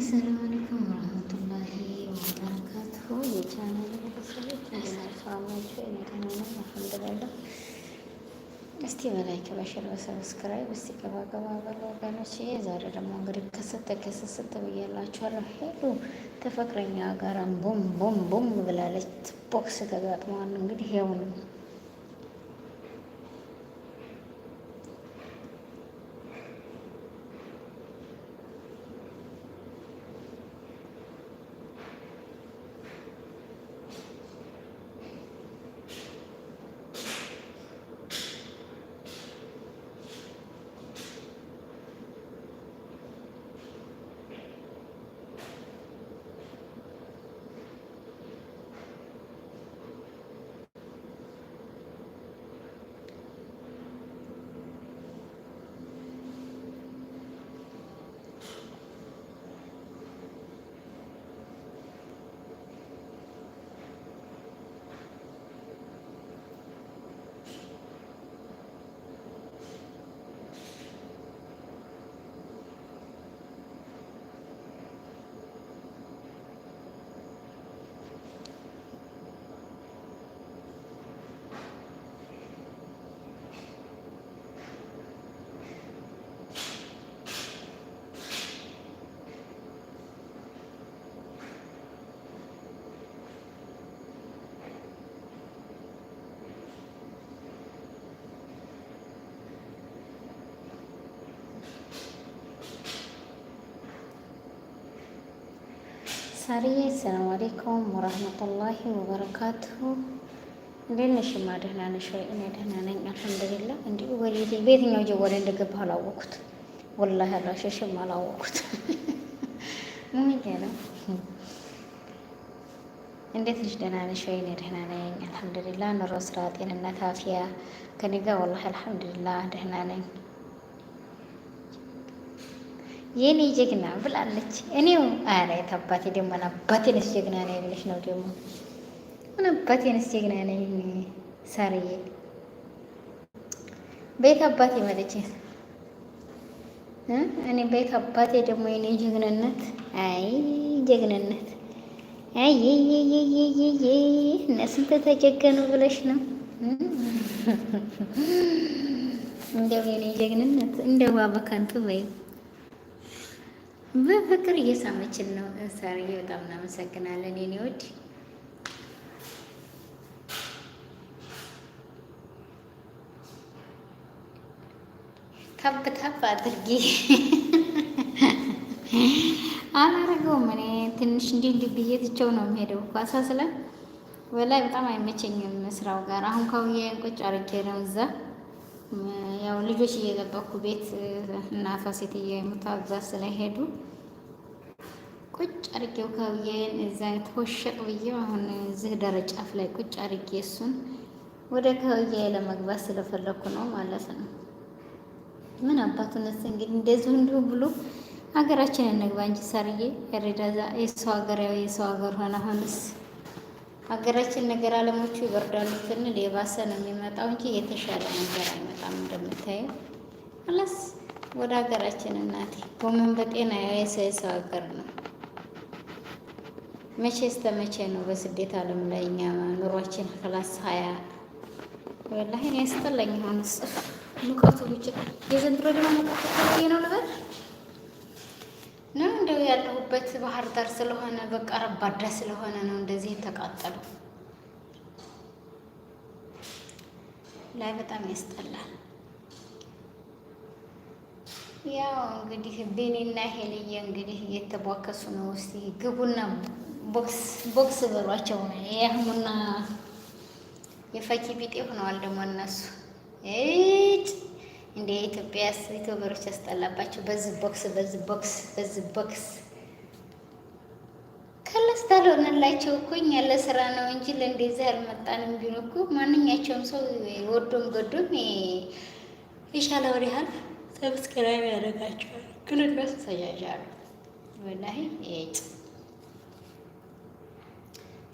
አሰላሙ አለይኩም ወረህመቱላሂ ወበረካቱሁ። የቻናል ቤተሰቦች ሰላማችሁ የመገናኛ አልሐምዱሊላህ። እስቲ በላይክ በሸር በሰብስክራይብ እስቲ ገባ ገባ በሉ ወገኖች። ዛሬ ደግሞ እንግዲህ ከስት ከስት ብያላችኋለሁ። ሄሉ ተፈቅረኛ ጋራም ቦም ቦም ቦም ብላለች። ቦክስ ተጋጥመዋል። እንግዲህ ያው ነው ሳርዬ ሰላም አለይኩም ወራህመቱላሂ ወበረካቱሁ። እንዴት ነሽ? ማ ደህና ነሽ ወይ? እኔ ደህና ነኝ አልሐምዱሊላህ። እንዲሁ ወዴት በየትኛው ጀወል እንደገባ አላወኩት፣ ወላሂ አላሸሽም አላወኩት። ምን ነው እንዴት ነሽ? ደህና ነሽ ወይ? እኔ ደህና ነኝ አልሐምዱሊላህ። ኑሮ፣ ስራ፣ ጤንነት፣ አፍያ ከኔ ጋር ወላሂ አልሐምዱሊላህ ደህና ነኝ። የኔ ጀግና ብላለች። እኔው አረ አባቴ ደግሞ አባቴንስ ጀግና ነኝ ብለሽ ነው ደግሞ አባቴንስ ጀግና ነኝ ሳርዬ ቤት አባቴ መለች እኔ ቤት አባቴ ደግሞ የኔ ጀግንነት አይ ጀግንነት አይ እነስንት ተጀገኑ ብለሽ ነው እንደው የኔ ጀግንነት እንደው አበካንቱ በይ በፍቅር እየሳመችን ነው። ሳርዬ በጣም እናመሰግናለን የኔ ውድ። ታብታብ አድርጊ አላረገውም። እኔ ትንሽ እንዲህ እንዲህ ብዬ ትቼው ነው የምሄደው። ኳሳ ስለ ወላይ በጣም አይመቸኝም ስራው ጋር አሁን ካውያ ቁጭ አድርጌ ነው እዛ ያው ልጆች እየጠበኩ ቤት እናቷ ሴትዬ ሙታ እዛ ስለሄዱ ቁጭ አድርጌው ከብዬን እዛ ተወሸቅ ብዬው አሁን እዚህ ደረጃፍ ላይ ቁጭ አድርጌ እሱን ወደ ከብዬ ለመግባት ስለፈለኩ ነው ማለት ነው። ምን አባቱነት እንግዲህ እንደዚሁ እንዲሁ ብሎ ሀገራችንን እንግባ እንጂ ሰርዬ የሬዳዛ የሰው ሀገር ያው የሰው ሀገር ሆነ አሁንስ ሀገራችን ነገር አለሞቹ ይበርዳሉ ስንል የባሰ ነው የሚመጣው እንጂ የተሻለ ነገር አይመጣም። እንደምታየው አላስ ወደ ሀገራችን እናቴ ጎመን በጤና የሰው ሀገር ነው። መቼ እስከ መቼ ነው በስደት አለም ላይ እኛ ኑሯችን? ክላስ ሀያ ወላሂ እኔ ያስጠላኝ ሆነ ሙቀቱ ብቻ የዘንድሮ ደግሞ ሙቀቱ ነው ልበል ያለሁበት ባህር ዳር ስለሆነ በቃ ረባዳ ስለሆነ ነው እንደዚህ የተቃጠሉ ላይ በጣም ያስጠላል። ያው እንግዲህ ቤኔና ሄልየ እንግዲህ እየተቧከሱ ነው። እስቲ ግቡና ቦክስ በሏቸው። የአህሙና የፈኪ ቢጤ ሆነዋል ደግሞ እነሱ እጭ እንደ ኢትዮጵያስ ዩቲዩበሮች ያስጠላባቸው በዚህ ቦክስ በዚህ ቦክስ በዚህ ቦክስ ከለስታለ ሆነላቸው እኮ እኛ ለስራ ነው እንጂ ለእንደዚህ አልመጣንም። ቢሉ እኮ ማንኛቸውም ሰው ወዶም ገዶም የሻለ ወደ ያህል ሰብስክራይብ ያደርጋቸዋል። ግን እንደስ ተጃጃሉ ወላሂ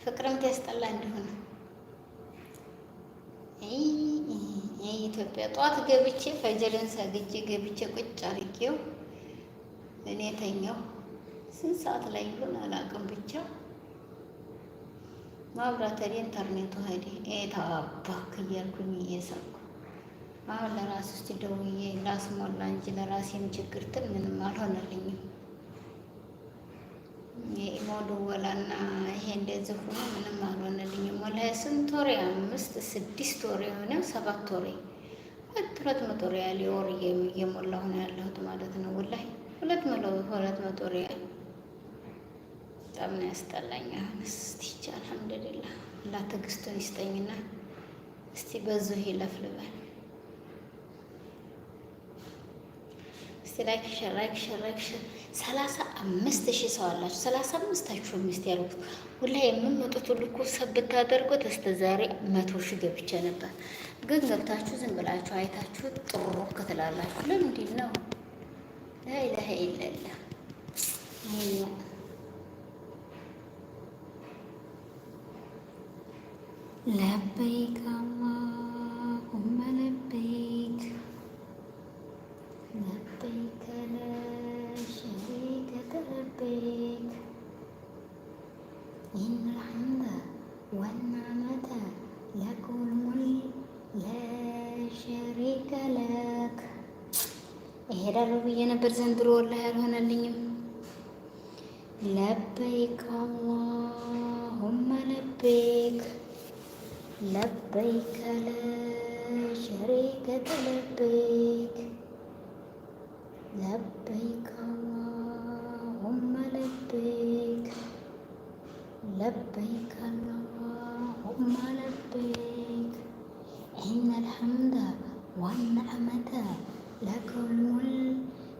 ፍቅርም ያስጠላ እንደሆነ ኢትዮጵያ ጠዋት ገብቼ ፈጀርን ሰግጄ ገብቼ ቁጭ አድርጌው እኔ ተኛው። ስንት ሰዓት ላይ ይሆን አላውቅም። ብቻ ማብራተሪ ኢንተርኔቱ ሄደ። ኤታባክ እያልኩኝ እየሰኩ አሁን ለራስ ውስጥ ደውዬ ላስሞላ እንጂ ለራሴም ችግርትን ምንም አልሆነልኝም። የኢሞ ደወላና ይሄ እንደዚህ ሆኖ ምንም አልሆነልኝም። ወላሂ ስንት ወሬ አምስት ስድስት ወሬ የሆነ ሰባት ወሬ ሁለት መቶ ሪያል የወር እየሞላሁ ነው ያለሁት ማለት ነው። ወላሂ ሁለት መቶ ሁለት መቶ ሪያል በጣም ነው ያስጠላኝ። አሁን እስቲ አልሐምዱሊላህ አላህ ትዕግስቱን ይስጠኝና እስቲ በዙ ይለፍልበል። እስቲ ላይክ ሸር ላይክ ሸር ላይክ ሸር። ሰላሳ አምስት ሺህ ሰው አላችሁ። ሰላሳ አምስታችሁ ሚስት ያልኩት ሁላ የምመጡት ሁሉ እኮ ሰብ ብታደርጉት እስከ ዛሬ መቶ ሺህ ገብቼ ነበር። ግን ገብታችሁ ዝም ብላችሁ አይታችሁ ጥሩ ክትላላችሁ። ለምንድን ነው ላይላ ይለላ ለበይካማ ነበር። ዘንድሮ ወላሂ አልሆነልኝም። ለበይክ አላሁመ ለበይክ ለበይከ ለሸሪከ ለበይክ ለበይክ አላሁመ ለበይክ ለበይክ አላሁመ ለበይክ ኢነ አልሐምደ ወአልነዕመተ ለከ ወልሙልክ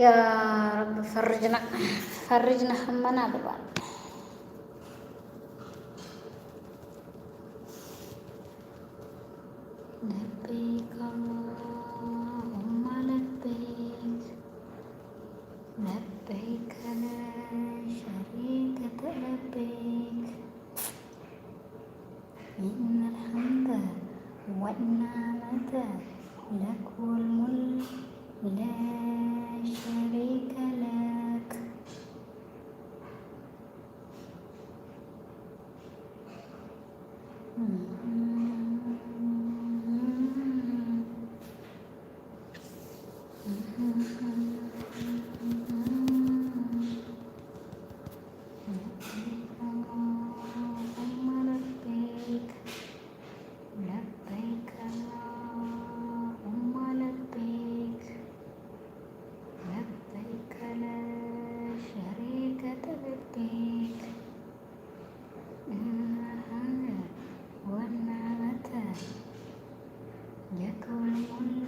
يا رب فرجنا فرجنا همنا بالبال لبيك اللهم لبيك لبيك لبيك الحمد لك Mm-hmm. Я твоя